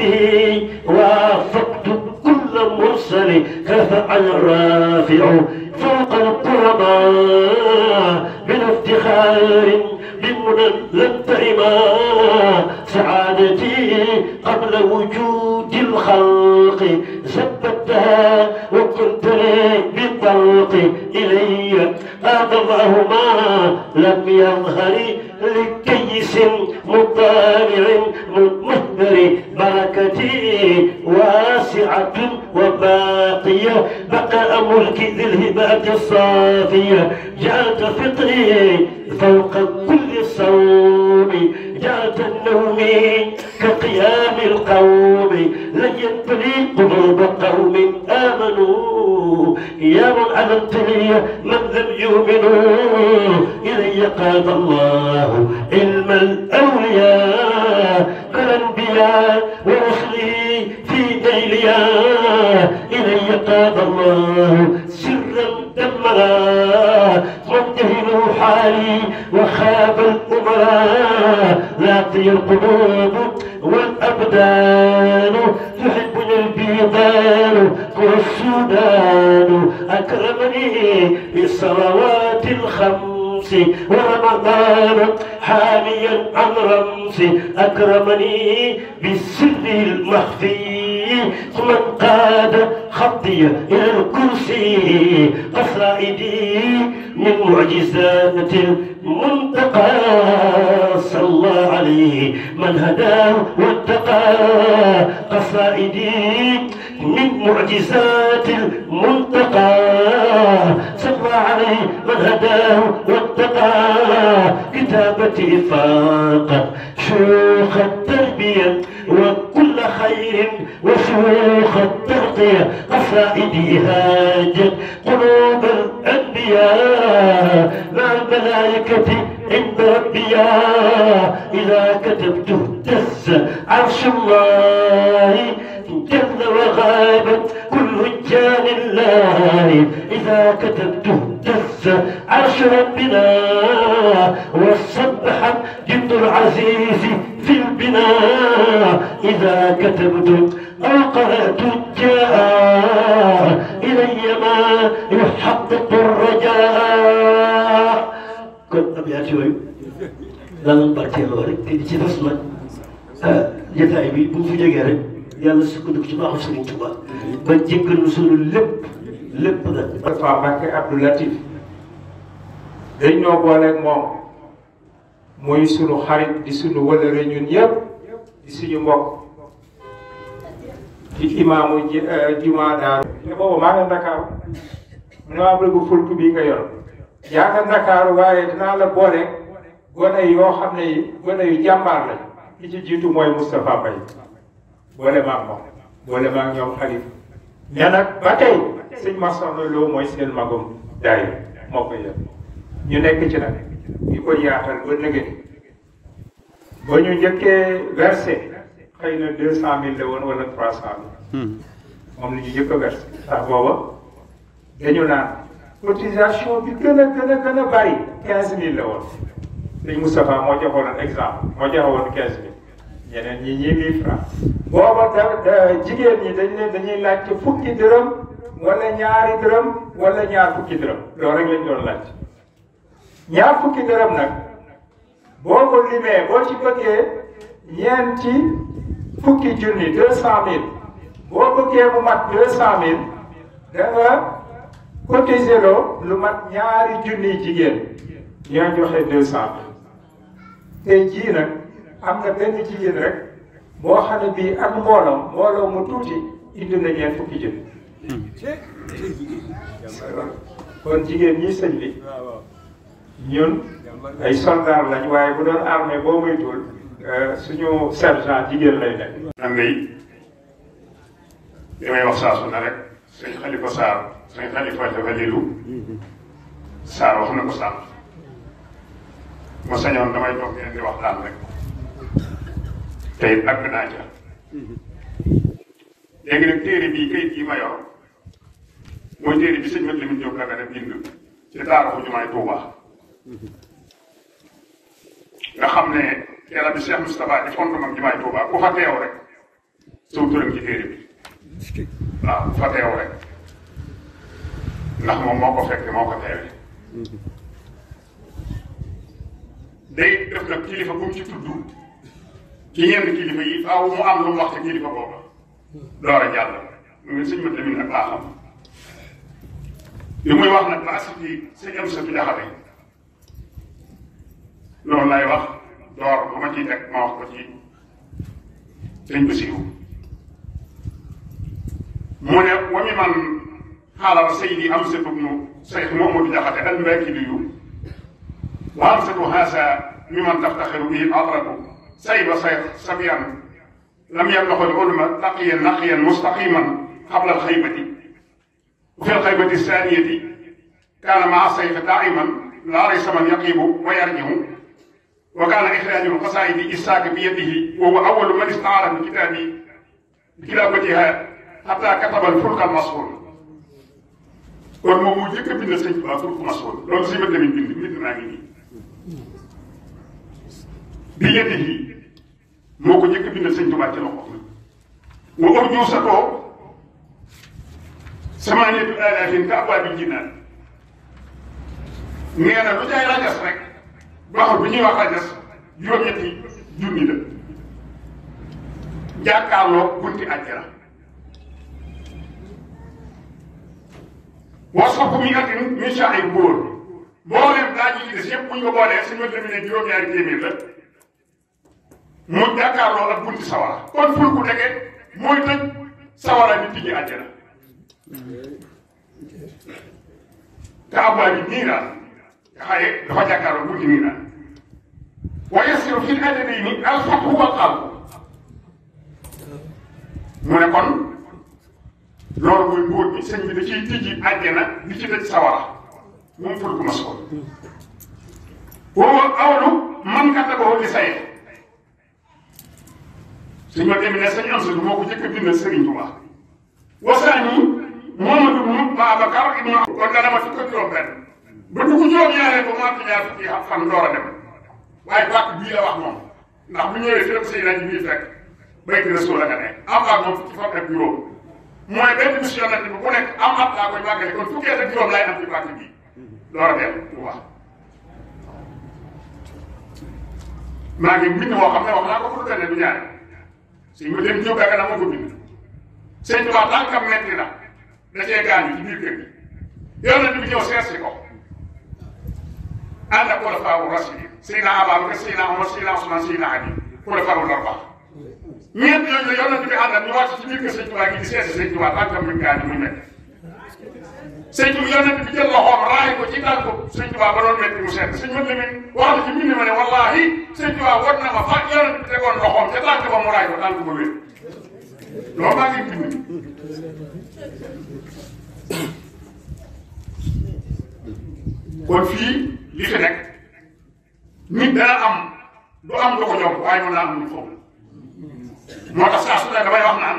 ربه وافقت كل مرسل رفع الرافع فوق القرباء من افتخار بمنى لم ترما سعادتي قبل وجود الخلق ثبتها وكنت لي بالطلق الي هذا الله ما لم يظهر لكيس مطالع مهدر بركتي واسعة وباقية بقاء ملك ذي الهبات الصافية جعلت فطري فوق كل صوم جعلت النوم كقيام القوم عذبت لي قلوب قوم آمنوا يا من عذبت لي من لم يؤمنوا إلي قاد الله علم الأولياء كالأنبياء ورسلي في ديليا إلي قاد الله سرا دمرا منتهن حالي وخاب الأمراء لاقي القلوب والأبدان تحبني البيضان والسودان أكرمني بالصلوات الخمس ورمضان حاليا عن رمسي أكرمني بالسر المخفي ثم انقاد خطي إلى الكرسي قصائدي من معجزات منتقى صلى عليه من هداه واتقى قصائدي من معجزات المنتقى صلى عليه من هداه واتقى كتابتي فاقت شيوخ التربيه وكل خير وشيوخ التغطية قصائدي هاجت قلوب الأنبياء مع الملائكة عند ربي إذا كتبته دس عرش الله جل وغابت كل رجال الله إذا كتبته دس عرش ربنا وسبح جد العزيز في البناء إذا كتبت أو قرأت جاء إلي ما يحقق الرجاء كنت أبي أتوي لن برتي لورك تيجي تسمع جتاي بي بو في جيرك yàlla sukkandiku ci baaxu Serigne Touba ba jéggal nu sunu lépp lépp nag. Moustapha Mbacké Abdou Latif dañ ñoo booleeg moom muy sunu xarit di sunu wëlëre ñun yëpp di suñu mbokk di imaamu ji euh, jumaa daaru. te boobu maa ngi Dakar mu ne maa bëgg fulk bii nga yor yaa ngi waaye dinaa la boole gone yoo xam ne yu jàmbaar lañ li jiitu mooy Moustapha Mbaye. boole maag moom boole maag ñoom xalif ne nag ba tey sëñ ma soxna loo mooy seen magum daay moo ko yëg ñu nekk ci nag di ko ñu njëkkee versé xëy na deux cent mille la woon wala trois cent mille hmm. moom ñu njëkk a versé ndax booba dañu naan cotisation bi gën a gën a gën a bari quinze mille la woon sëñ Moustapha moo joxoon exemple moo joxoon quinze yeneen ñi ñii mille francs booba da euh, jigéen ñi dañ leen dañuy laaj fukki dërëm wala ñaari dërëm wala ñaar fukki dërëm loolu rek lañ doon laaj ñaar fukki dërëm nag boo ko limee boo ci bëggee ñeenti fukki junni deux cent mille boo bëggee mu mat deux cent mille da nga cotiser lu mat ñaari junni jigéen ñoo joxe deux cent mille jii nag am na benn jigéen rek boo xam ne bii ak mbooloo mbooloo mu tuuti indi na ñeent fukki jën kon jigéen ñi sëñ bi ñun ay soldaar lañ waaye bu doon armée boo moytuwul euh, suñu sergent jigéen lay nekk. am yi li may wax saa su ne rek sëñ Xalifa Saar sëñ Xalifa dafa lilu Saar wax na ko Saar ma sañoon damay toog ngeen di waxtaan rek. te àgg naa ca léegi nag téere bii kayit bi sëñ Mat Lamin Jóob la nga def ci taarixu jumaay Tuuba nga xam ne yàlla bi Cheikh Moustapha di fondement ak Tuuba ku fa teew soo turam ci téere bi waaw ku fa teew rek ndax moom moo ko fekk moo ko teewee day def ci tudd ci yenn kilifa yi faaw mu am lu mu wax ci kilifa booba door a jàll mu ngi sëñ ma tamit nag baaxam li muy wax nag ba asiti sëñ am satu jaxale loolu lay wax door bu ma ciy teg ma wax ko ci sëñ Basiru mu ne wa mi man xaalal saydi am satu nu sayx Mamadu Jaxate al mbakiliyu wa am satu haasa mi man taftaxiru bihi adratu sayba say sabyan lam yamlaxul ulma taqiyan naqiyan mustaqiman qabla alxaybati وفي الخيبة الثانية كان مع السيف دائما لا ليس من يقيم ويرجه وكان إخراج القصائد إساك بيده وهو أول من استعار بكتاب بكتابتها حتى كتب الفلك المسؤول kon moom mu jëkk bind sëñ ba furk masool loolu si ma demin bind bind naa ngi nii bi yeddi yi moo ko njëkk bindal sëñ Tuubaa ci loxo wa urju satoo samaaniyatu alaafin ka abwaabil jinaan nee na lu jaay rajas rek baxul bu ñuy wax rajas juróom-ñetti junni la jàkkaarloo bunti àjjana wasxaku mi atin min shaa'ir góor boo leen daa ji ci des yëpp bu ñu ko boolee suñu demee ne juróom-ñaari téeméer mu jàkkaarloo ak bunti sawara kon ful ku tege mooy tëj sawara bi tijji àjjana kaaba bi nii daal xaye dafa jàkkaarloo bunti nii daal wa yasiru fil adadayni al fathu wal qalb mu ne kon loolu mooy mbóot bi sëñ bi da ciy tijji àjjana di ci sawara moom ful ku ma sool woowa awlu man kataboo li saye suñu ma demee ne sëñ Amsatu moo ko jëkk a bind Sëriñ Tuubaa wasaani Mohamadu ibnu Babacar ibnu kon dana ma fukk ak juróom benn ba dugg juróom ñaareel ba mu am ñaar fukki fan door a dem waaye bàkk bii la wax moom ndax bu ñëwee fi dem sëñ laaj bi fekk bayt Rasuul la nga nekk am ak moom fukki fan ak juróom mooy benn bis yonent bi bu nekk am at laa koy màggale kon fukki at ak juróom laay am ci bàkk bii door a dem Tuubaa maa ngi mbind moo xam ne wax naa ko fu du benn du ñaare suñ ma dem Diop Dagana moo ko bind sëñ bi waa tànkam metti na da cee gaañu ci biir kër gi yonent ko ànd ak xulafaawu rasidiin Seydina Ababacar Seydina Omar Seydina Ousmane Seydina Ali xulafaawu larba ñeent yooyu la yonent bi àndal ñu wàcc ci biir kër gi di seet si sëñ Tuubaa tànkam metti sëñ bi yonent bi jël loxoom raay ko ci tànku sëñ Tuubaa ba doon métti mu seen sëñ mën limin wax na ci mbind ma ne wallaahi sëñ Tuubaa war na ma fa yonent bi tegoon loxoom ca tànk ba mu raay ko tànk ba wér loolu kon fii li fi nekk nit dana am du am lu ko jom waaye mën naa am lu ko moo tax saa su ne damay wax naan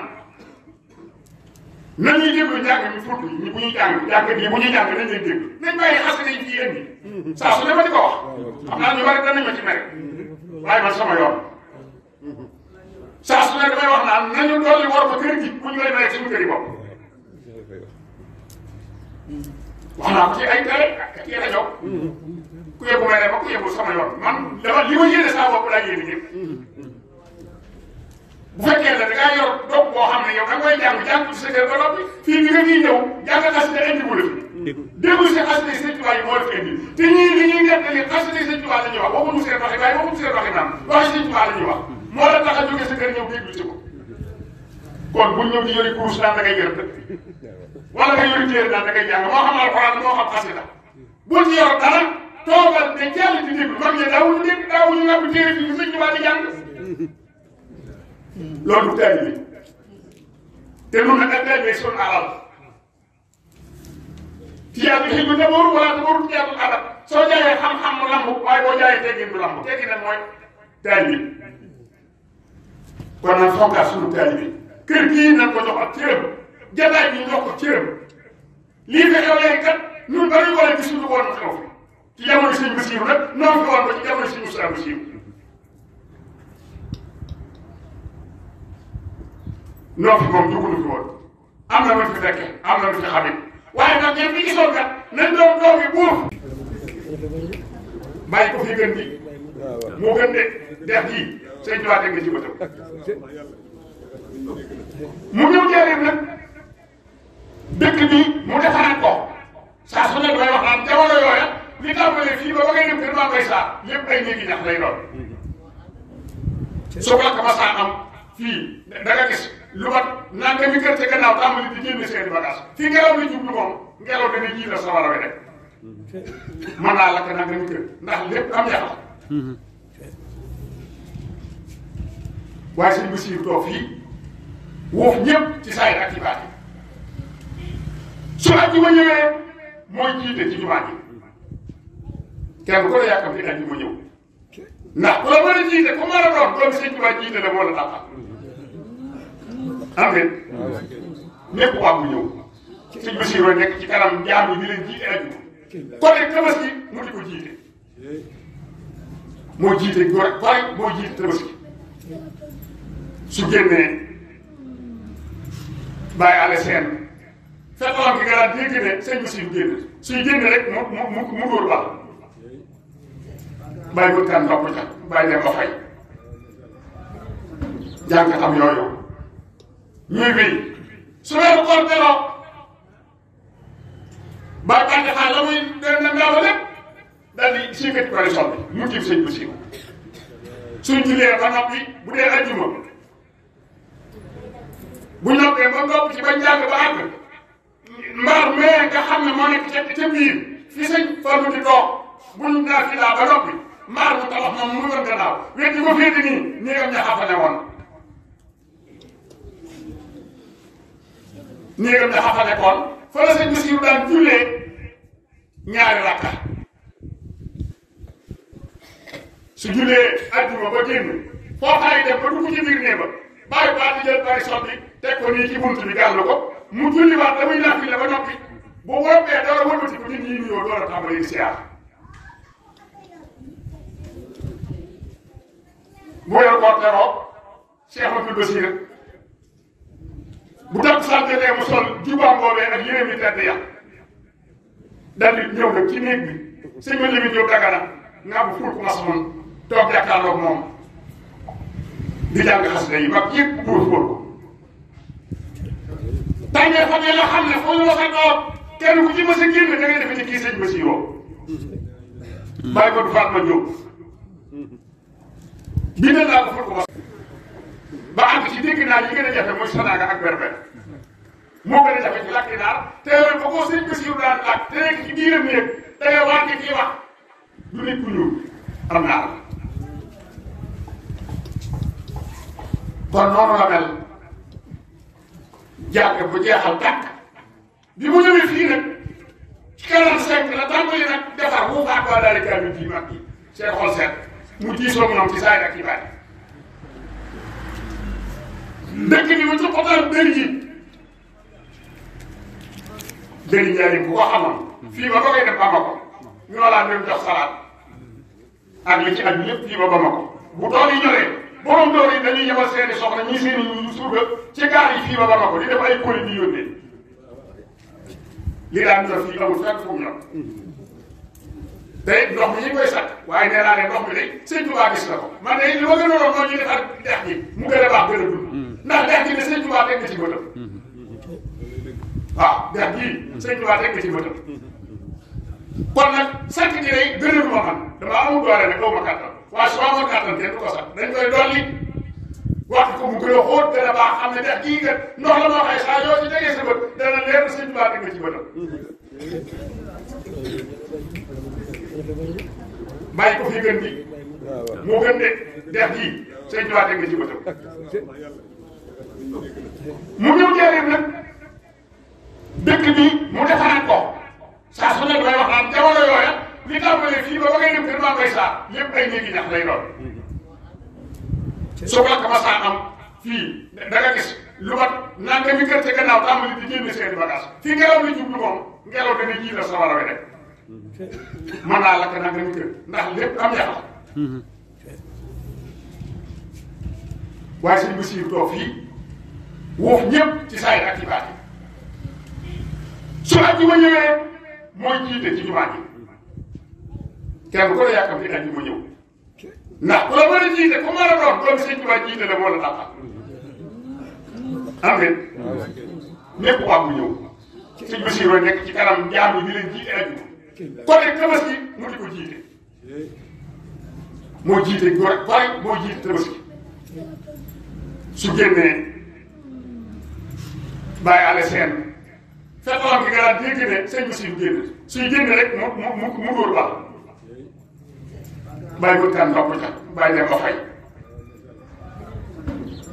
nan ñuy déglu njàng mi fóotu ñi bu ñuy jàng njàng yi bu ñuy jàng nañ leen déglu nañ bàyyi xas nañ ci yéen ñi saa su ne ma di ko wax xam naa ñu bari danañ ma ci mere waaye man sama yoon saa su ne damay wax naan nañu dolli war ko kër gi bu ñu lay mere suñu kër yi bopp wax naa ko ci ay télé ak ci rajo ku yóbbu may ne ma ku yóbbu sama yoon man dama li ma yéene saa bopp laa yéene ñëpp bu fekkee ne da ngaa yor dog boo xam ne yow da nga koy jàng jàng sa kër ba noppi fii bi nga ñëw jàng xasida si xasida sëñ Tuubaa yi moo la fi indi te ñii li ñuy nettali xasida sëñ Tuubaa la naan waxi sëñ Tuubaa la ñuy moo la tax a jógee sa kër ñëw si ko kon buñ ñëw di yori kurus naan da ngay yër dëkk wala nga yori téere naan da ngay jàng moo xam alxuraan moo xam xasida buñ yor dara toogal te jàll di mag ñi daawuñu dégg daawuñu nga bu téere bi sëñ Tuubaa loolu du taalibe te nun nag ak taalibe suñu alal tiyaatu xil bi tabaru wala tabaru tiyaatu alal soo jaayee xam-xam mu lamb waaye boo jaayee teggin du lamb teggin nag mooy taalibe kon nag fonkaa suñu taalibe kër gii nañ ko jox ak cërëm jataay bi ñu jox ko cërëm lii fi xew léegi kat ñun bari wala gisuñu woon xew fi ci jamono suñu Basiiru nag noonu ko woon ko ci jamono suñu Musaa Basiiru ñoo fi moom dugg na woon am na lu fi fekke am na lu fi xamit waaye nag ñoom ñi yi buuf bàyyi ko fi gën di moo gën de def ji sëñ bi waa teg na ci bëtam mu ñëw jaareem nag dëkk bi mu defaraat ko saa su ne damay wax naan jamono yooya li tàmbalee fii ba ba ngay dem kër maa koy saa lépp ay néegi ñax lay doon su ko la ko ma saa am fii da nga gis lu mat naan tamit kër ca gannaaw tàmbali di génne seen bagage fii ngelaw li jublu moom ngelaw dana ji la sawara we rek mën naa lakk naan tamit kër ndax lépp am yàlla waaye suñu basiir toog fii woof ñëpp ci saa yi ak ci baat yi su àjjuma mooy jiite ci jumaa ji kenn ku la yàkkam fi àjjuma ñëw ndax ku la mën a jiite ku mën a doon doon sëñ Tuubaa jiite la moo la tàqal rafet ñëpp waa mu ñëw sëñ Basiru nekk ci kanam jaam yi di leen jiite ak ñu kon nag tabaski mu di ko jiite moo jiite góor bari moo jiite tabaski su génnee bàyyi àll seen fetlam bi nga daan dégg ne sëñ Basiru génn suy génn rek mu mu mu dóor baax bàyyi ko tànn ndox ko ca bàyyi dem ba fay jàng xam mille bi su weeru koor teroo bàyyi ba xaar la muy na ndaawa lépp daal di suñu kër ko mu tiim sëñ bu siiw suñ jullee ba noppi bu dee ajjuma bu noppee ba ngopp ci ba njàng ba àgg mbaar mee nga xam ne moo nekk ca ca biir fi sëñ Fallu di toog buñ naa fi laa ba noppi mbaar mu tabax moom mu ngi doon gannaaw wet yi ma féete nii nii am ñaxa fa ne woon néegam dafa fa nekkoon fa la sëñ Basiru daan jullee ñaari rakka su jullee àjjuma ba génn foo xaay dem ba dugg ci biir néeg ba bàyyi baat di jël bari sotti teg ko nii ci bunt bi gàll ko mu julliwaat damay nafile ba noppi bu woppee dara wëlbati ko nit ñi nuyoo door a tàmbali siyaar bu wér koor teroo Cheikh Abdoul Basir bu takk sant ne mu sol jubaam boobee ak yére bi tedd ya dal di ñëw nag ci néeg bi sëñ ma limit ñëw dagana nga bu ful ku mas man toog jàkkaarloog moom di jàng xasida yi mag yëpp góor góor ko tàngee fa ne la xam ne foofu la sa doom kenn ku ci mës a génn da ngay defe ni kii sëñ ma si yoo bàyyi ko du faat ma jóg bi ne laa bu ful ku ba am ci dégg naa yi gën a jafe mooy sanaaga ak berber moo gën a jafe ci làkki naar te loolu ba ko sëñ Basiru daan làkk te nekk ci biiram néeg da ngay wàññi kii wax du nit ku ñuul am naar kon noonu la mel jàng bu jeexal tàkk bi mu ñëwee fii nag ci quarante cinq la tàmbali nag defar wu faak waa daari kaamil bi mag yi seen xol mu diisoo mu ñoom ci saay ak ci bàyyi dëkk bi ma ci xotaan dëri ji dëri njaay ko xamoon fii ba ba koy def Bamako ñu laa dem jox salaat ak li ci ak lépp fii ba Bamako bu tool yi ñoree borom tool yi dañuy yebal seeni soxna ñii seeni ñu surga ci gaar yi fii ba Bamako di def ay colis di yónnee li daan ñor fii amul fekk fu mu ñor day ndox mi ñu koy sàkk waaye nee naa ne ndox mi day sëñ Tuubaa gis na ko man de li ma gën a doon mooy ñu def ak dex gi mu gën a baax gën ndax gàtt bi sëñ Tuubaa teg ci yi sëñ Tuubaa teg kon nag sant gi day gënal dama amul doole nag kaw ma kàttan waaye su ma amoon kàttan kenn du ko sax dañ koy dolli wax ko mu gën a xóot gën a baax xam ne ndax kii nga ndox la moo xay saa yoo ci tegee sa bët dana leer na sëñ Tuubaa gën bi moo gën de dex gi sëñ Tuubaa teg ci bëtam mu ñëw njëriñ nag dëkk bi mu defaraat ko saa su ne damay wax naan jamono yooya li tàmbalee fii ba ba ngay dem kër maa koy saa lépp ay néegi ñax lay doon. soo ko lakk ma saa am fii da nga gis lu mat naan nga mi kër ca gannaaw tàmbali di génne seeni bagage fii ngelaw li jublu moom ngelaw dana ji la sa war a we rek mën naa lakk naan nga mi kër ndax lépp am yàq la waaye suñu bés yi toog fii. woof ñëpp ci saayir ak ci baati su àjjuma ñëwee mooy jiite ci jumaa ji kenn ku la yàkkam ci àjjuma ñëw ndax ku la mën a jiite ku mën a doon doom sëñ Tuubaa jiite la moo la tàqal am ngeen ñëpp waa mu ñëw sëñ Basiru nekk ci kanam jaam yi di leen jiite àjjuma côté tabaski mu di ko jiite moo jiite góor ak moo jiite tabaski su génnee bàyyi àll seen fekkoon ki garaat dégg ne sëñ bi suy génn suy génn rek mu mu mu góor baax bàyyi ko tan ndox ca bàyyi dem ba fay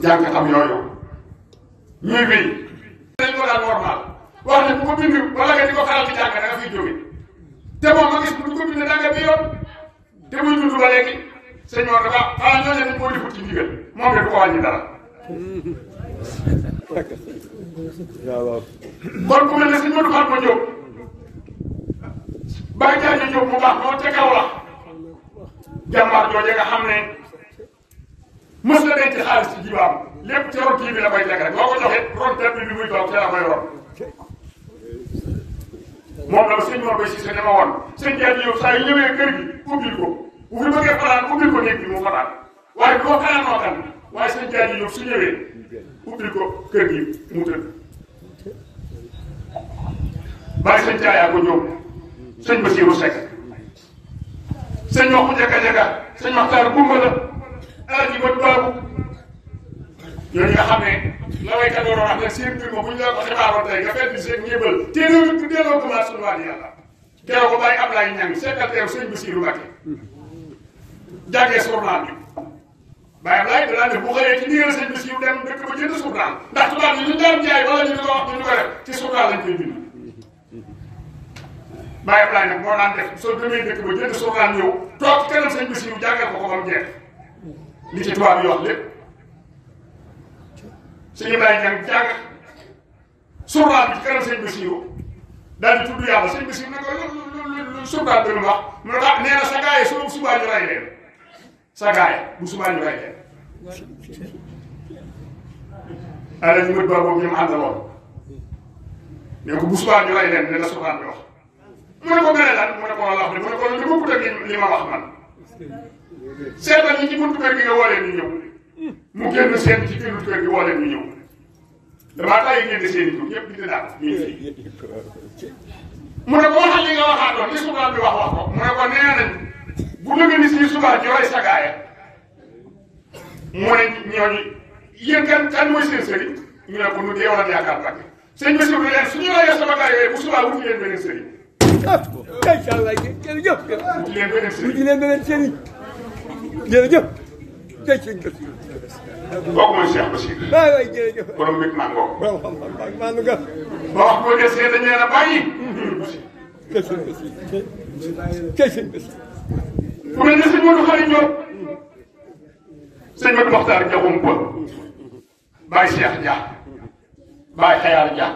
jàng xam yooyu ñuy wéy dañ ko daal normal wax ne wala nga ko xaral di jàng da nga fiy jóge te moom ma gis buñ ko bind da nga bi te muy dund ba léegi sëñ war dafa xanaa ah, ñoo ne dañ koo defut ci ndigal moom de du ko wàññi dara waaw kon ku mel ne sëñ Modou Fatma Diop Baye Diagne Diop mu baax moo ca kaw la jàmbaar jooju nga xam ne mës la denc xaalis ci jibaam lépp ca rot bi la koy teg rek loo ko joxe rot bi bi muy toog ca la koy rot la sëñ Mor Bay Cissé dama woon sëñ Diagne Diop saa yu ñëwee kër gi ubbil ko bu fi bëggee fanaan ubbil ko néeg bi mu fanaan waaye du ko fanaan noo waaye sëñ Diagne Diop su ñëwee ubbi ko kër gi mu tëdd bàyyi sëñ Diagne ko ñëw sëñ Basiirou Seck sëñ Maxu Jaka Jaka sëñ Maxtaar Kumba la Alaaji Mat Baabu ñooñu nga xam ne la way kadoo doon wax ne seen mbir ma bu ñu la ko xibaaroon tey nga fekk ñu seen ñébal téeméer delloo ko maa sunu waa di yàlla teew ko bàyyi Ablaye Ñang secrétaire sëñ Basiirou Mbacké jàngee journal bi Baye Ablaye danaa def bu xëyee ci ndigal sëñ bis yu dem dëkk ba jënd suuf ndax tubaab yi ñu daan jaay wala ñu di ko wax ñu di ko def ci suuf daal lañ koy soo demee dëkk ba jënd suuf daal ñëw toog ko ko ba mu jeex li ci tubaab yi wax lépp suñu Ibrahima jàng jàng surraal bi ci kanam sëñ bis yu daal di tudd yàlla ko lu bi lu wax mu ne ko ah nee na sa gars yi leen sagaay bu subaa ñu rey leen alal ñu mët ba boobu ñu mu àndaloon ne ko bu subaa ñu rey leen ne la subaan bi wax mu ne ko gën a lan mu ne ko wala wax mu ne ko lu ma bëgg ak li ma wax man seetal ñi ci buntu kër gi nga woo leen ñu ñëw mu génn seen ci buntu kër gi woo leen ñu ñëw damaa tax yi génn seen i tur ñëpp bind naa ko ñu mu ne ko waxal li nga waxaatoon li subaan bi wax wax mu ne ko nee nañ bu nëgë ni si subaa ñu rey sa gaaya mu ne ñooñu yéen kan kan mooy seen sëriñ ñu ne ko nu dee woon yaakaar nag sëñ bi suñu leen suñu reyee sama gaay yooyu bu subaa wuti leen beneen sëriñ. incha allah jërëjëf. wuti leen beneen sëriñ wuti leen beneen sëriñ jërëjëf. kooku mooy Cheikh Bachir. waay waay jërëjëf borom mbir maa ngoo. waaw waaw maa ngi gàtt. ba wax ko des dañu leen a bàyyi. kese kese kese ku mel ne sëñ Modou Khari Diop sëñ Modou Mokhtar Diakhoum Poul Baye Cheikh Dia Baye Xayar Dia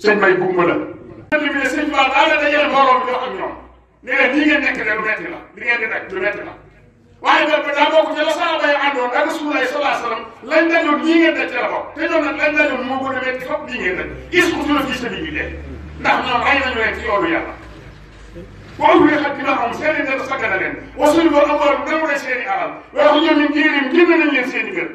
sëñ May Goumba la. li ne sëñ Ba nii ngeen nekk de lu waaye nag daa bokk ci la saaba yi àndoon ak Rasulullah sallallahu alayhi wa sallam lañ ngeen daj ci la te ñoom nag lañ dajoon moo gën a metti nii ngeen daj is ko fi la fii sa nit ñi dee ndax ñoom rey nañu leen ci yoonu waaw li xaj dina am seen i dër sakkana leen wasul ba amoon nangu na seen i alal wax ñoom ñu jéerim génn nañ leen seen i kër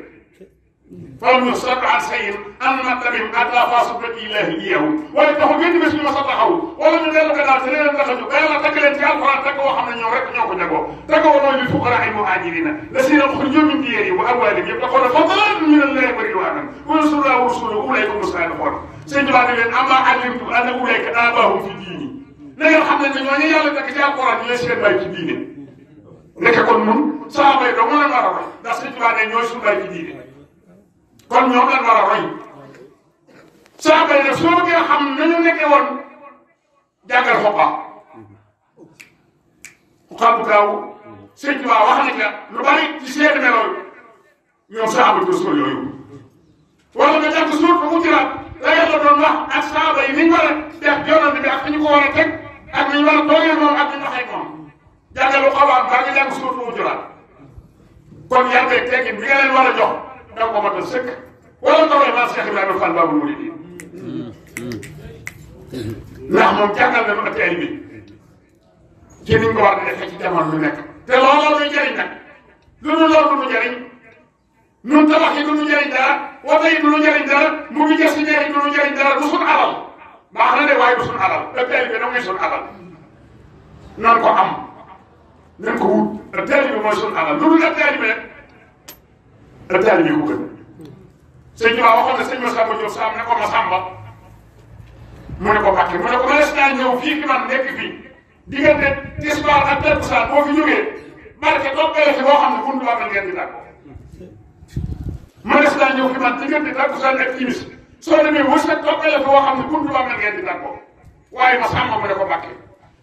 fam yo sat an sayin an na tamit ànda fa subati illahi iyahu wala taxu benn bés ñu ma sa taxaw wala ñu dellu gannaaw te leneen tax a jóg yàlla takk leen ci alquran takk woo xam ne ñoom rek ñoo ko jagoo takkoo noonu li fuqara ay muhajirina la si na xur ñoom ñu diyéer yi wa amwaalim yëpp taxoon na fadalan min allahi wa ridwanan wa rasulullah wa rasuluhu ulaykum musaalixoon sëñ bi leen amma alimtu anna ulayka abahum fi diini na ngeen xam ne ne ñooñu yàlla nekk ci alquran ñu leen seen ci diine kon mun saaba yi a war a roy ndax suñu tubaab ne ñooy suñu bàyyi ci diine kon ñoom lañ war roy saaba yi nag soo bëggee xam nañu nekkee woon wax nañ la bari ci seen melool ñoom saaba rasul yooyu wala nga jàpp suuf ba mu jëlaat la doon wax ak saaba yi ni ñu war a def yoonante bi ak ñu ko war ak li ñu war a doyee moom ak li ñu waxee moom jàngalu xabaam ba nga jàng suur lu julaat kon yar beeg teggin bi nga leen war a jox da ko mat a sëkk wala nga koy maas Cheikh Ibrahima Fall Babou Mourideen ndax moom jàngal na ma ak tey bi ci niñ ko war a defee ci jamono lu nekk te looloo muy jëriñ nag lu nu loolu du jëriñ ñun tabax yi du nu jëriñ dara wata yi du nu jëriñ dara mu ngi gëstu njëriñ du nu jëriñ dara du suñu alal baax na de waaye du suñu alal ak teel bi nag mooy suñu alal nan ko am nan ko wut ak teel bi mooy suñu alal lu dul ak teel bi rek ak teel bi ku gën sëñ bi waa waxoon na sëñ Masamba Diop Samb ne ko Masamba mu ne ko Mbacke mu ne ko a naa ñëw fii ki man nekk fii diggante tisbaar ak takkusaan boo fi jógee barke toppee fi boo xam ne a waa ngeen di dàggoo mënees naa ñëw fi man diggante takkusaan ak timis soo demee wërsëg toppee la fi woo xam ne buntu ba mel ngeen di dàggoo waaye ma sàmm mu ne ko mbàkke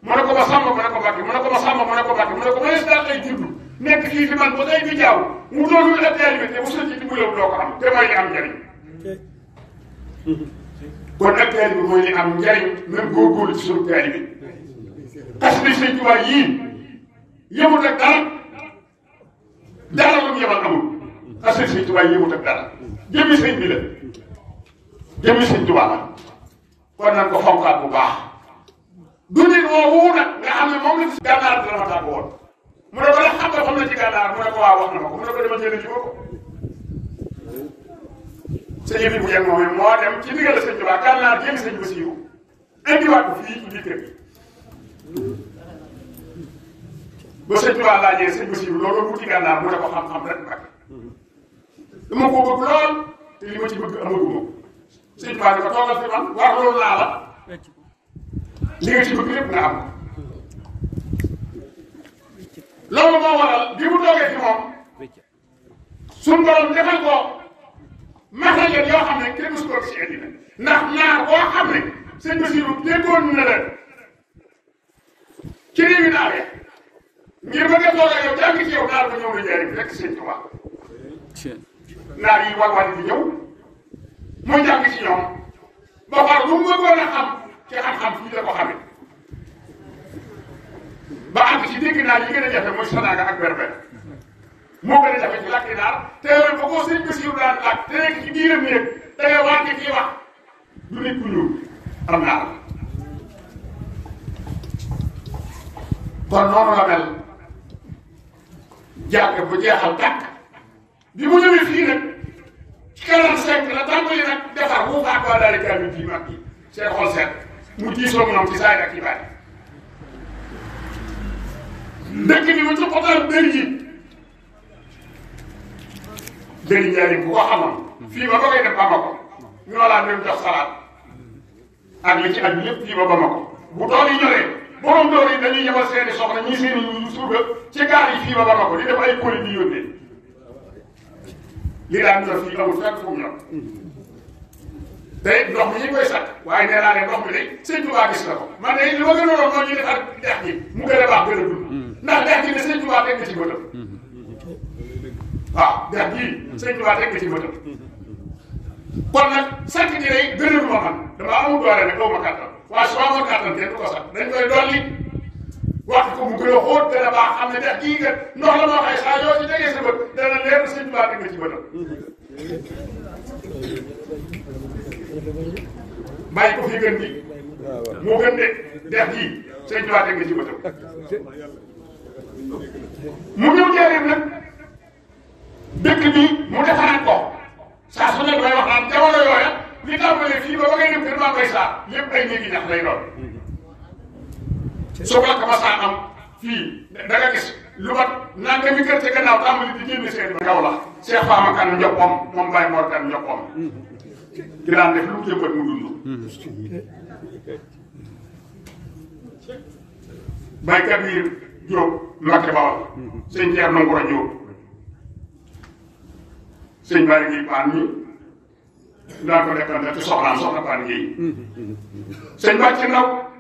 mu ne ko ma sàmm mu ne ko mbàkke mu ne ko ma sàmm mu ne ko mbàkke mu ne ko mënees daal ay juddu nekk fii fi man bi te wërsëg ci te mooy li am njariñ kon atteeli bi mooy li am njariñ même góorgóorlu ci suñu teeli bi tas bi sëñ Tuubaa yii yëmut ak dara dara lu mu yemal amul tas bi sëñ Tuubaa yëmut ak dara jëmmi sëñ jëmmi Sëñ Tuubaa la kon ko fonkaat bu baax dundin woowu nag nga xam ne moom la ci gànnaar bi dama tàgg woon mu ne ko la xam nga xam na ci gànnaar mu ne ko waa wax ma ko mu ne ko demal jëli ji ko sëñ bi bu yem moom moo dem ci ndigal la Sëñ Tuubaa gànnaar jëli Sëñ Basiiru indiwaat ko fii ci biir kër gi ba Sëñ Tuubaa laajee Sëñ Basiiru loolu wuti gànnaar mu ne ko xam-xam rek nag dama ko bëgg lool te li ma ci bëgg amaguma ko sëñ Ba di ko toogal fi man warloon naa la li nga ci bëgg lépp nga am loolu moo waral bi mu doogee fi moom ko matériel yoo xam ne kenn mësu ko ci àddina ndax naar boo xam ne sëñ Basiru ci réew yi naar ya ngir bëgg a toog ci yow naar ba ñëw na njëriñ rek sëñ mu jàng ci ñoom ba xool bu mu bëggoon a xam ci xam-xam fii la ko xamee ba àgg ci dégg naa yi gën a jafe mooy sanaaga ak berber moo gën a jafe ci naar te yooyu ba koo sëñ Basiru daan làkk te nekk ci biiram néeg da ngay wàññi kii wax du nit ku ñuul am naar la kon noonu la mel jàng bu jeexal tàkk bi mu ñëwee fii nag 45 la tàmbali nag defar bu baax waa daal di gàddu kii mag yi seen xol seet mu diisoo mu ci saa yi ak ci bàyyi. dëkk bi mu ci xotal dër yi dëri njëriñ bu ko xamoon. fii ba ba koy def Bamako ñoo laa doon jox salaat ak li ci ak lépp fii ba Bamako bu tool yi ñoree borom doole yi dañuy yebal seen i soxna ñii seen i surga ci gaar yi fii ba Bamako di def ay colis di yónnee. li daan ñor fii amul fenn fu mu ñor te ndox mi ñu koy sàkk waaye nee naa ne ndox mi de sëñ Tuubaa gis na ko man de gën a doon mooy ñu def ak dex gi mu gën a baax gën a dund ndax dex gi de sëñ Tuubaa teg na ci bëtam waaw dex gi sëñ Tuubaa teg na ci bëtam kon nag sàkk ji day gënaluma man dama amul doole nag aw ma kàttan waaye su ma amoon kàttan kenn du ko sàkk dañ koy dolli wax ko mu gën a xóot dana baax xam ne dex gii nga ndox la moo xay saa yoo ci tegee sa bët dana leer sëñ Tuubaa teg nga ci bëtam bàyyi ko fi gën di moo gën de dex gii sëñ Tuubaa teg nga ci bëtam mu ñëw jaareem nag dëkk bi mu defaraat ko saa su nekk may wax naan jamono yooya li tàmbalee fii ba ba ngay dem kër maa koy saa lépp ay néegi ñax lay doon soxla ka masaa am fii da nga lu mat naan tamit kër ca gannaaw tàmbali di génne seen kaw la Cheikh Fama Kane Ndiopom moom Baye Mor Kane Ndiopom di daan def lu mu jëmbat mu dund baykat yi Diop Mbacke Bawal sëñ Thierno Ngora Diop sëñ Baye Guèye Pane ñi daan ko defal ci soxlaam soxna Pane Guèye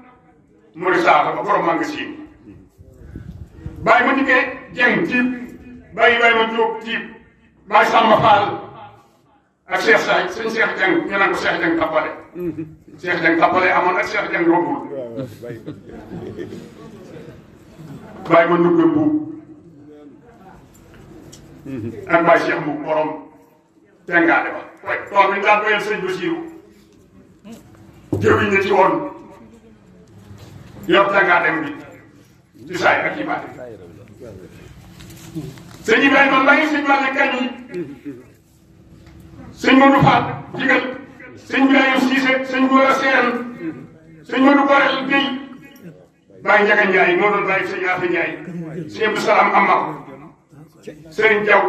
mooy saako ba borom magasin bàyyi ma dikkee jeng tiib bàyyi ma jóg tiib bàyyi sàmm faal ak Cheikh Saay sëñ Cheikh Jeng ñu Tappale Cheikh Jeng Tappale amoon ak Cheikh Jeng ma ndugg mbuub ak bàyyi Cheikh mbuub borom tengaade ba tool bi ñu daan doyal sëñ Basiru jëwiñ na yor tàngaayam bi ci saa yi ak ci baat yi sëñ Ibrahima maa ngi sëñ Balla Kañ sëñ Modou Fall Jigal sëñ Ibrahima Cissé sëñ Gora Seen sëñ Modou Gorel Guèye Baye Ndiaga Ndiaye moo doon Baye sëñ Afe Ndiaye sëñ Abdou Salaam Amma Serigne Diaw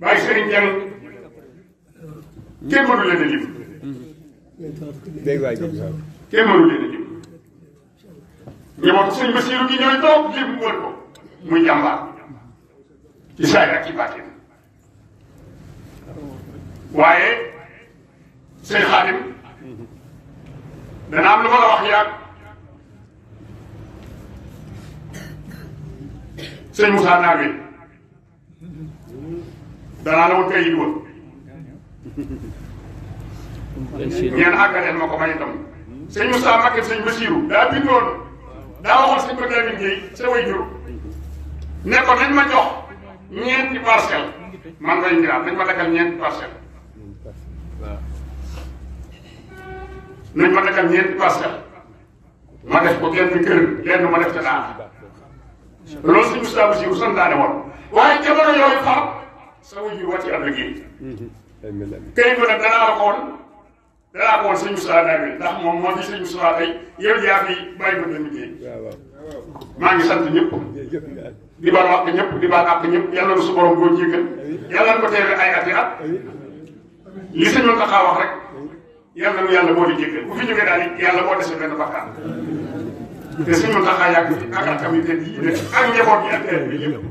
Baye Serigne Diagne kenn mënu leen a lim kenn mënu leen a lim njabootu sëñ Basiiru gi ñooy toog lim wër ko muy jàmbaar ci saay ak ci baatin waaye sëñ Xaadim dana am ma la wax yaag sëñ Moussa Nabi danaa la woon kayit woon ngeen àggaleel ma ko may itam sëñ Moussa Mbakke sëñ Basiiru daa bindoon daa waxoon sëñ Badara Gueye sa way jur ne ma jox ñeenti parcelle man lañ ñu nañ ma dakkal ñeenti parcelle nañ ma dakkal ñeenti parcelle ma def ko genn kër lenn ma def ca daara loolu suñu Moustapha Sy bu santaane woon waaye jamono yooyu far sa way jur wàcc ab liggéey mhm. kay ko nag danaa waxoon danaa xool sëñ Moussa Dagana ndax moom moo fi sëñ Moussa tey yow yaa fi bàyyi ko dem liggéey maa ngi sant ñëpp di baal wax ñëpp di baal àq ñëpp yàlla na su borom boo jéggal yàlla na ko teewe ay at i at li sëñoon taxaa wax rek yàlla nu yàlla moo di jéggal bu fi jógee daal yàlla moo dese benn bakkaan te sëñoon taxaa yàgg fi ak ak tamit yi de ak njaboot bi ak bi yëpp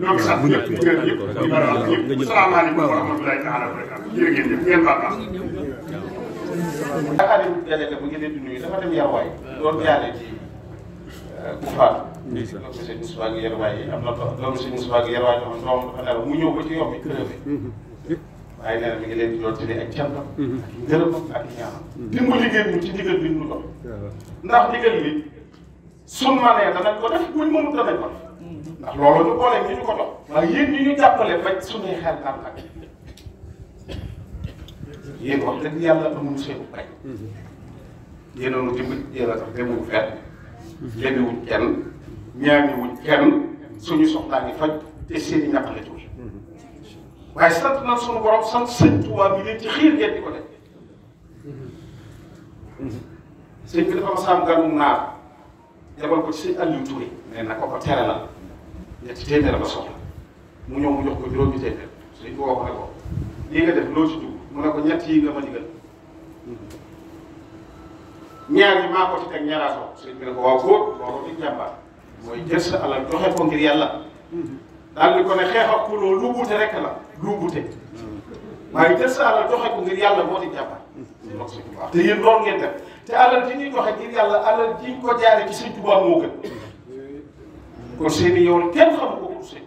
ñoo ngi sant ñëpp di baal wax ñëpp salaamaaleykum wa rahmatulahi taala wa barakatu jërë ngeen jëf ngeen baal yaakaar yàlla ne bu ngeen di nuyu dafa dem yarwaay loolu yàlla ci Kufa euh, loolu monsieur Moussa ak yarwaay yi am na ko loolu monsieur Moussa ak yarwaay yoo xam doom dafa dara mu ñëw ba ci yoon bi kërëme waaye na mi ngi leen di doon tuddee ak cant ak ngërëm ak liggéey ñu ci ndigal bi ñu dox ndax ndigal bi suñ manee danañ ko def buñ mënut danañ ko def ndax loolu ñu boole ñu ñu ko dox waaye yéen wax dëgg yàlla amul seen pay yéen a nu dimbali yéen a tax demul fenn lebiwuñ kenn ñaaniwuñ kenn suñu soxlaa ngi faj te seeni ñàkk la jóge waaye sant nañ suñu borom sant sëñ Tuubaa mi leen ci xiir ngeen di ko def sëñ bi dafa ma saam ganum naar yabal ko ci sëñ Aliou Touré ne na ko ko teralal ñetti téeméer ba soxla mu ñëw mu jox ko juróomi téeméer sëñ bi woo ko ne ko lii nga def loo ci jub mu ne ko ñett yi nga ma digal ñaar yi maa ko ci teg ñaaraatoo sëñ bi ne ko waaw góor boo di jàmbaar mooy jël sa alal joxe ko ngir yàlla daal di ko ne xeex ak xuloo lu buute rek la lu buute waaye jël sa alal joxe ko ngir yàlla moo di jàmbaar loolu sëñ bu baax te yéen loolu ngeen def te alal ji ñuy joxe ngir yàlla alal ji ñu ko jaare ci sëñ Tuubaa moo gën kon seen i yow kenn xamu ko sëñ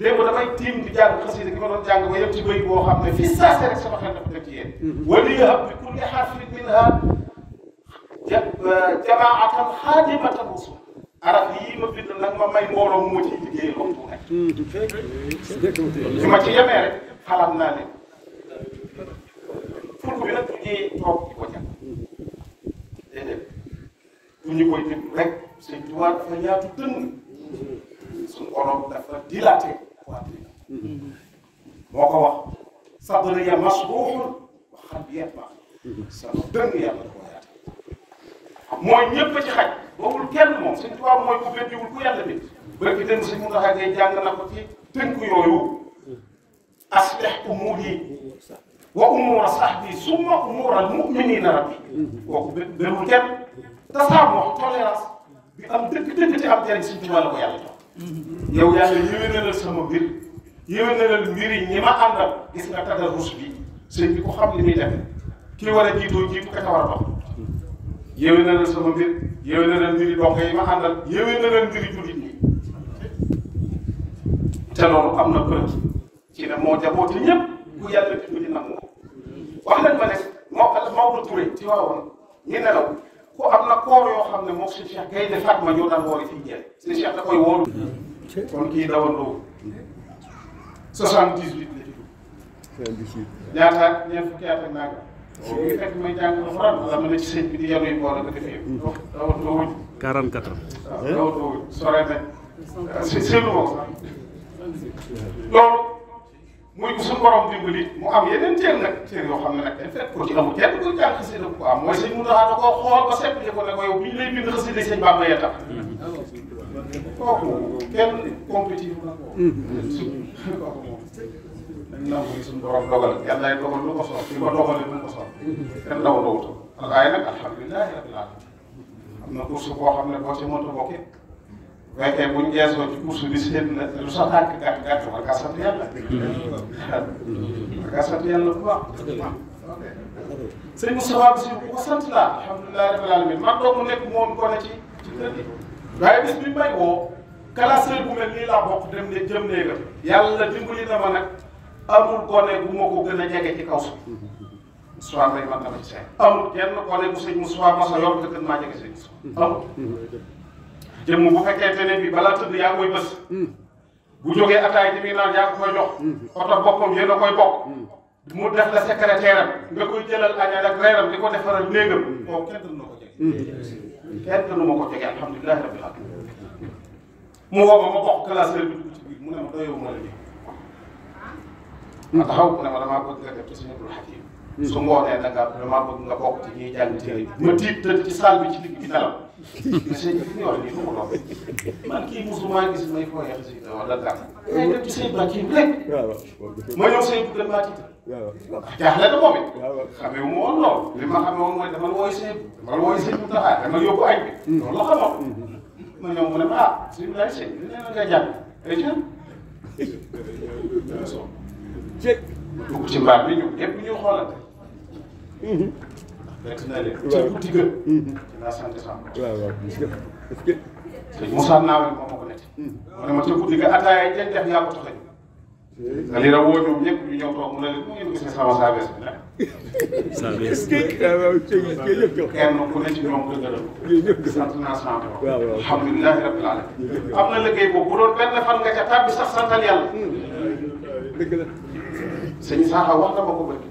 démb damay tiim di jàng xasida gi ma doon jàng ba yem ci bëy boo xam ne fii saa see rek sama xel dafa dem ci yéen. Mm-hmm. wali yahab bi kulli harfin minha euh, jamaatan xaadimatan rusul araf yii ma bind ma may mbooloo moo ciy liggéey mm-hmm. ma ci yemee rek xalaat naa ne fulku bi nag du ñuy toog di ko jàng rek seen tubaab dafa yaatu dënn mm-hmm. suñu borom dafa dilaté. fàttali mm-hmm. ko moo ko wax sabri ya masruuxul wax bi yet baax sama dëng yàlla da koo yaatal mooy ñëpp ci xaj bawul kenn moom suñ tubaab mooy ku beddiwul ku yàlla nit bërki dem suñ mun a ngay jàng na ko ci tënk yooyu aslih umuuri wa umuura sahbi summa umuural muminina rabbi kooku bërul kenn tasaam wax tolérance bi am dëgg-dëgg te am jëriñ suñ tubaab la ko yàlla yow yàlla yéwénalal sama mbir yéwénalal mbiri ñi ma àndal gis nga tàggal ruus bi sëñ bi ko xam li muy def kii war a jiitoo jiitu ka ca war a dox yéwénalal sama mbir yéwénalal mbiri donk yi ma àndal yéwénalal mbiri jullit ñi te loolu am na preuve ci ne moo jabooti ñëpp ku yàlla dimbali nangu ko wax nañ ma ne moo Maodo Touré ci waawoon ñi nelaw ko am na koor yoo xam ne moom seen Cheikh Gaynde Fatma ñoo daan woori fii jël seen Cheikh da koy wóolu kon kii dawandoo soixante dix huit la ci ñaata ñeent fukki at ak naaga ñu ngi fekk may jàng alxuraan wala ne ci sëñ bi di yenuy bool ak def yëpp mm. donc dawandoo wuñ quarante quatre waaw dawandoo wuñ sore nañ seenu ma ko loolu muy ko suñu borom dimbali mu am yeneen cër nag cër yoo xam ne nag dañ fekk ko ci amul kenn koy jàng xasida ko am mooy sëñ Moussa da koo xool ba seppali ko ne ko yow bi ñu lay bind xasida sëñ Bamba ya tax kooku kenn compétit na ko kooku moom mm-hmm. dañ nangu ni suñu borom dogal yàlla lay dogal lu ko soxla li ko dogalee lu ko soxla kenn daw dowuta waaye nag alhamdulilah rabbil alamin am na course boo xam ne boo ci mënta bokk bu fekkee bu ñu jeexoo ci course bi seen lu sa tànk gàtt gàtt war ngaa sant yàlla. war ngaa sant yàlla bu alhamdulilah rabbil man doomu nekk moom ko ne ci ci kër gi. waaye bis bi may woo classeur bu mel nii laa bokk dem ne jëm néegam. na ma nag amul gone bu ko gën a jege ci kaw so Moustapha Mbaye man dama ci seen. amul kenn gone bu sëñ Moustapha Massa yor nga gën maa jege sëñ Moustapha amul. jëmm bu fekkente ne bi balaa tëdd yaa koy bës hmm. bu jógee ataay ji mi naan yaa ko koy jox hmm. oto boppam yéen a koy bokk hmm. mu def la secrétaire am nga koy jëlal añal ak reeram di ko defaral néegam kooku kenn danu ma ko jege ma ko jege alhamdulilahi rabbil alamin mu woo ma bokk classe bi mu ne ma doyoo ma la bi ma taxaw mu ne ma damaa bëgg nga def ci suñu Abdul Hakim su ngoonee nag damaa bëgg nga bokk ci ñuy jàng téere bi ma tiit tëdd ci saal bi ci digg bi nelaw monsieur Diouf li wax nii du ko doon man kii musulman gis may fooyee xasida wala dara ngay dem ci sëñ Bakki bi rek ma ñëw sëñ bu gën maa tiit jaaxle na moom it xamee wu ma woon loolu li ma xamee woon mooy damal wooy sëñ damal wooy sëñ bu taxaar damal yóbbu añ bi hmm. loolu la xamoon ma ñëw mu ne ma ah sëñ bi laay sëñ bi nee na nga jàng ay eh, jël dugg ci mbaar bi ñu ñëpp ñu xoolante ndax naa leen. waaw ca guddi gën. dinaa sant sàmm. waaw waaw gis nga est-ce que. sëñ Moussa Nawel moom moo ko nekk. mu ne ma ca guddi ga ataaya yi def yaa ko tax nga li ra woo ñoom ñëpp ñu ñëw toog mu ne leen mu ngeen gis ne sama saabees bi nag. saabees bi waaw kenn ku ne ci ñoom dëggalal ko. sant naa sant ko. waaw waaw alhamdulilah rabbil alamin am na liggéey boobu bu doon benn fan nga ca tàbbi sax santal yàlla. dëgg la. sëñ Sakho wax na ma ko bëgg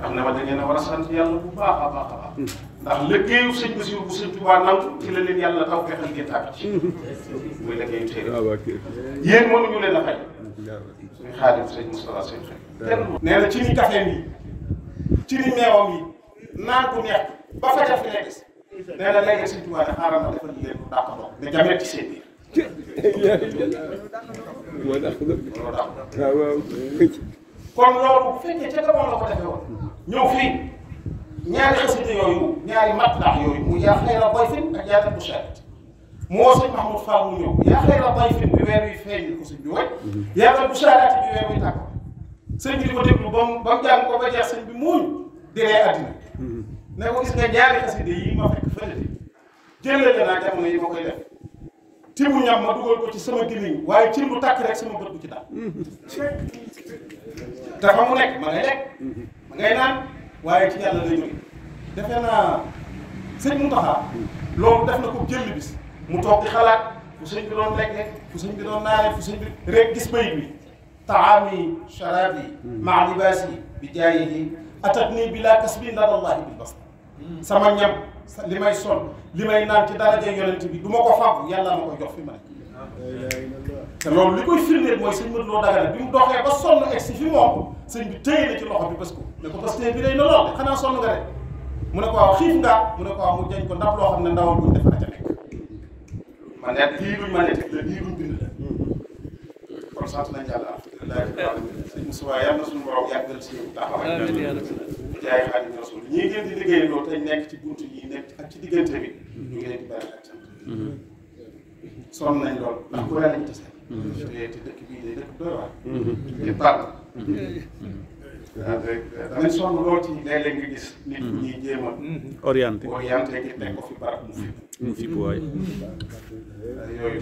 am na ma da ngeen a war a sant yàlla bu baax a baax a baax hmm. ndax liggéeyu sëñ Basiru bu sëñ Tuubaa nangu ci la leen yàlla taw fexal ngeen tàbbi ci hmm. muy liggéeyu sëñ ah, yéen mënuñu leen a fay suñu hmm. xaadim sëñ Moustapha sëñ xëy nee na ci ni café yi ci ni meewam yi naan bu neex ba fa def nekk nee na léegi sëñ Tuubaa ne xaaral ma defal leen lu dàq dox ne jamet ci seen biir moo dàq dox ah, waaw waaw kon loolu bu fekkee ca Gabon la ko defee woon ñëw fii ñaari xasida yooyu ñaari mat yooyu mu yaa xayra dayfin ak yaa bu seet mu woo sëñ Mahmoud Fall mu ñëw yaa xayra dayfin bi weer wi feeñ ko sëñ bi wëj yaa bu saaraati bi weer wi tàkk sëñ bi di ko déglu ba mu ba mu jàng ko ba jeex sëñ bi muuñ di ree addina ne ko gis nga ñaari xasida yi ma fekk fële di jëlale naa jamono yi ma koy def timu ñam ma dugal ko ci sama gémmiñ waaye ci mu sama bët bu ci te fa mu nekk ma ngay lekk ma ngay naan waaye ci yàlla lay jóge defe naa sëñ Mountakha loolu def na ko jël bis mu toog di xalaat fu sëñ bi doon lekke fu sëñ bi doon naane fu sëñ bi rek gis bayit bi taami sharabi maa libaasi bi jaayihi atat nii bi laa kasbi ndarallahi bil bas sama ñam li may sol li may naan ci daraja yonent bi du ma ko fàggu yàlla ma ko jox fi ma ne te loolu li koy firndeel mooy sëñ Modou Lo Dagana bi mu doxee ba sonn egsi fi moom sëñ bi téye na ci loxo bi bés ko ne ko parce que bi day na lool xanaa sonn nga rek mu ko waaw xiif nga ne ko waaw ko ndab nekk man net nañ yàlla alhamdulilah sëñ Moussa yàlla na suñu borom yàggal si yow taxawaay jaay nekk ci buntu yi nekk ak ci diggante bi ñu mm-hmm. sonn nañ lool ndax ku ne lañ tase te dëkk bi day dëkk doy waar. ñu tànn. danañ sonn lool ci léeg-léeg nga gis. nit ñi jéem a. gi teg ko fi barab mu fi. mu fi waay. yooyu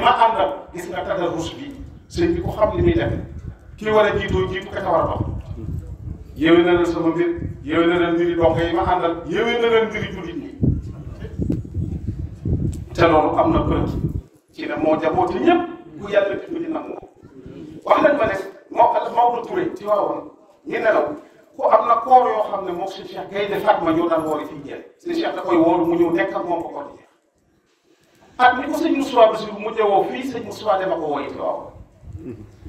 ma àndal gis nga tadarus bi sëñ bi ko xam li muy def ki war a jiitoo jiitu ka ca war a dox. na leen sama mbir na leen mbiri donk yi na leen mbiri te loolu am na preuve ci ne moo jaboot li ñëpp bu yàlla dimbali nag moom wax nañ ma ne moo Maodo Touré ci waawoon ñu nelaw ku am na koor yoo xam ne moo si Cheikh Gaynde Fatma ñoo daan woori fii jël si Cheikh da koy wóor mu ñëw nekk ak moom ba ko di jeex ak ni ko sëñ Moussa Bassirou mu jawoo fii sëñ Moussa dama ko wooyi ci waawoon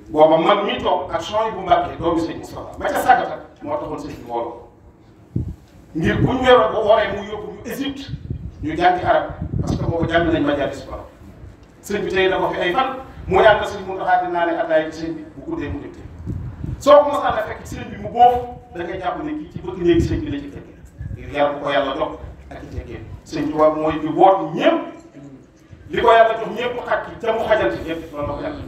booba man mii toog ak son bu Mbàkke doomu sëñ Moussa ma ca sàggata moo taxoon sëñ bi wóoroo ngir buñ weeroo ba waree mu yóbbu ñu ñu jàngi arab parce que boobu jàng nañ majalis ba sëñ bi tey na ko fi ay fan mu yàgg na sëñ mu taxaat naa ne attaay ci sëñ bi bu guddee mu dëkk soo ko mosaan a fekk sëñ bi mu boof da jàpp ne kii ci bëgg néegi sëñ bi la ci fekk ngir yar bu ko yàlla jox ak i teggeen sëñ Tuubaa mooy bi boot ñëpp li ko yàlla jox ñëpp xaj te mu xajal ci ñëpp la ko yàlla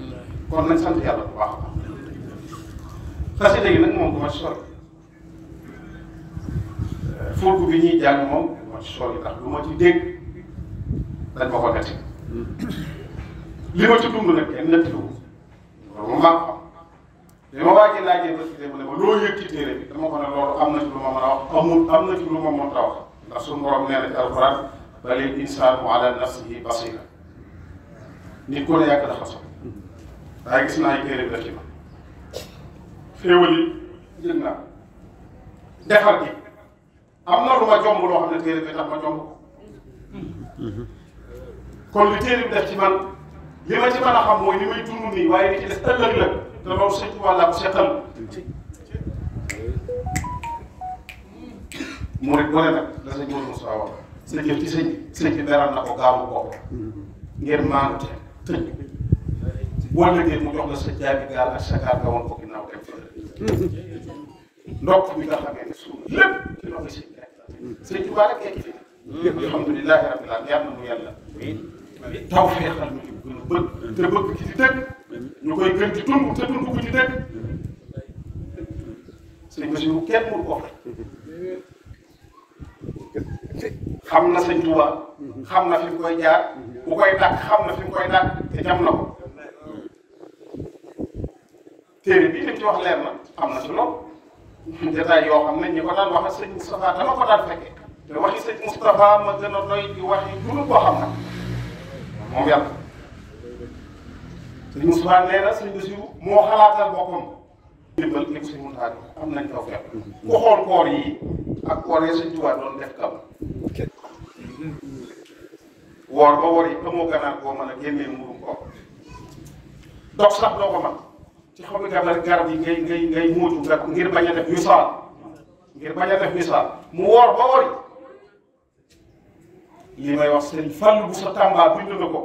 kon nañ sant yàlla bu baax a baax xasida nag moom du ma sori furgu bi ñuy jàng moom ma ci sori ndax lu ma ci dégg dañ ma ko nett hmm. li nag kenn netti lu loolu moom maa ko xam li ma waajee laajee ba ci mu ne ma loo yëg ci téere bi dama ko ne loolu am na ci lu ma mën a wax amul am na ci lu ma mën a wax ndax suñu borom nee na ci alxuraan balil insaanu ala nafsihi basira nit ku ne yàgg dafa soxla waaye gis naa ay téere bi def ci ma féewal yi yëg naa defar gi am na lu ma jomb loo xam ne téere bi tax ma jomb kon li téere bi def man li ma ci mën a xam mooy ni may dund nii waaye li la te loolu sëñ Tuubaa mu rek bu ne nag la sëñ Moodu Moussa wax sa na ko gaawu ko ngeen maanu te tëj mu jox la sa jaabi gaal ak sa gaal nga woon ko ginnaaw dem fa ndokk bi nga xamee ne sëriñ Tuubaa rek egg fi alhamdulilahi rabbil alamin yàlla mu yàlla taw feexal ñu ci bëgg te bëgg ci dëkk ñu koy gën ci dund te dund ko ci dëkk sëriñ Basiru kenn mënu ko xam na sëñ Tuubaa xam na fi mu koy jaar bu koy dàq xam na fi mu koy dàq te jam na ko téere bii mu ci wax leer na am na ci loolu jotaay yoo xam ne ñi ko daan wax ak sëñ Moustapha dama ko daan fekkee te waxi sëñ Moustapha ma gën a doy di waxi junu boo xam na moom yàlla sëñ nee na sëñ Basiru moo xalaatal boppam ndimbal ni ko sëñ Moustapha am nañ taw fekk ku xool koor yi ak koor yi sëñ Tuubaa doon def kam woor ba wori amoo ganaar boo mën a génnee murum ko dox sax doo ko ci xobu garab garab yi ngay ngay ngay muucu nga ngir bañ a def misaal ngir bañ a def misaal mu woor ba wori li may wax sëriñ Fall bu sa Tamba buñ dund ko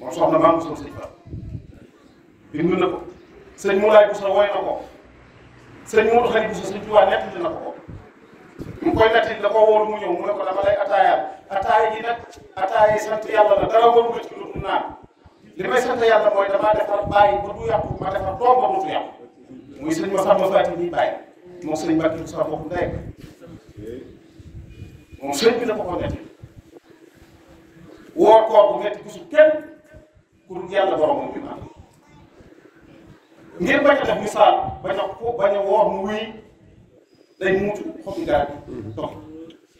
moom soxna maa ngi soog sëriñ Fall bind na ko sëñ Moulay Boussa woy na ko sëñ Moudou Khari Boussa sëñ Tuubaa nettali na ko mu koy nettali da koo wóolu mu ñëw mu ne ko dama lay ataayaat ataaya ji nag ataaya sant yàlla la dara waru nga ci lu naan. li may sant yàlla mooy damaa defar bàyyi ba du yàqu ma defar doom ba du yàqu muy sëñ Massamba Faty mi bàyyi moom sëñ Mbacke Moussa bokk ndey moom sëñ bi dafa ko nekk woor koor bu metti gisul ku dul yàlla boromam bi maanaam ngir bañ a def misaal bañ a woor mu wuy day muutu xob bi garab bi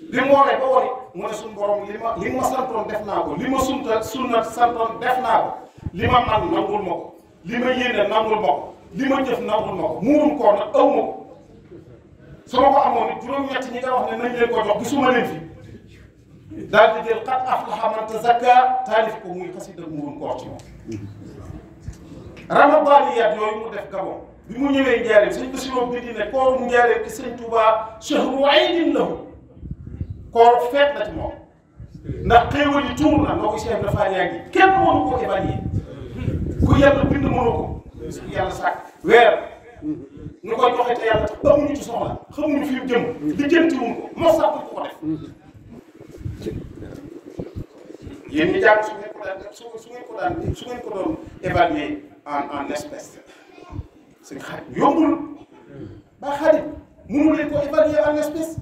li mu waree ba waree mu ne suñu borom li ma li ma def naa ko li ma sunta sunna santoon def naa ko li ma man nangul ma ko li ma yéene nangul ma ko li ma jëf nangul ma ko muurum koor nag aw ma ko amoon it juróom-ñett ñi nga wax ne nañ leen ko jox gisuma leen fi daal di jël xat aflaha man tazakka taalif ko muy xasida muurum koor ci moom. ramadaaniyaat yooyu mu def Gabon bi mu ñëwee Njaaréem sëñ Basiru bi di ne kooru Njaaréem ci sëñ Touba shahru aydin lahu koor feet na ci moom ndax xéewal yi tuur na moo ko Cheikh Ibra Fall yaa ngi kenn mënu ko évaluer ku yàlla bind mënu ko yàlla sàkk weer yàlla tax amuñu ci soxla xamuñu jëm li jëntiwuñ ko moo sàkkuñ ko ko def yéen ñi jàng su ngeen ko daan su ngeen ko daan su ngeen ko doon évaluer en en espèce suñ yombul ba xarit mënu leen ko évaluer en espèce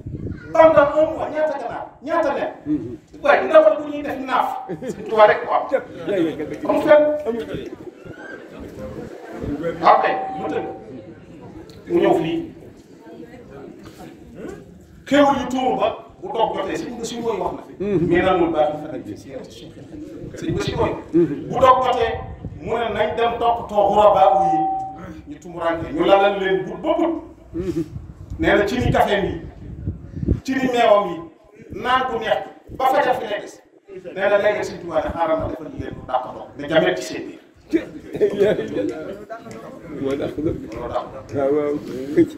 pendant un mois ñaata ganaar ñaata nen waaye ndawal bu ñuy def naaf Sëñ Tuubaa rek ko am comme que ok mu tuuru ba bu toog jotee na fi. mais nan mu na ak si yàlla si sëñ Basi mooy. bu toog jotee mu ne nañ dem topp tooxu rabaa ñu tumurante leen but ba but. nee na ci ni café bi ci ni meewam yi naan ku neex ba fa def fi nekk si nee na léegi Sëñ Tuubaa ne xaaral ma defal leen dàq doon ne jamet ci seen biir. loolu dàq doon waaw waaw.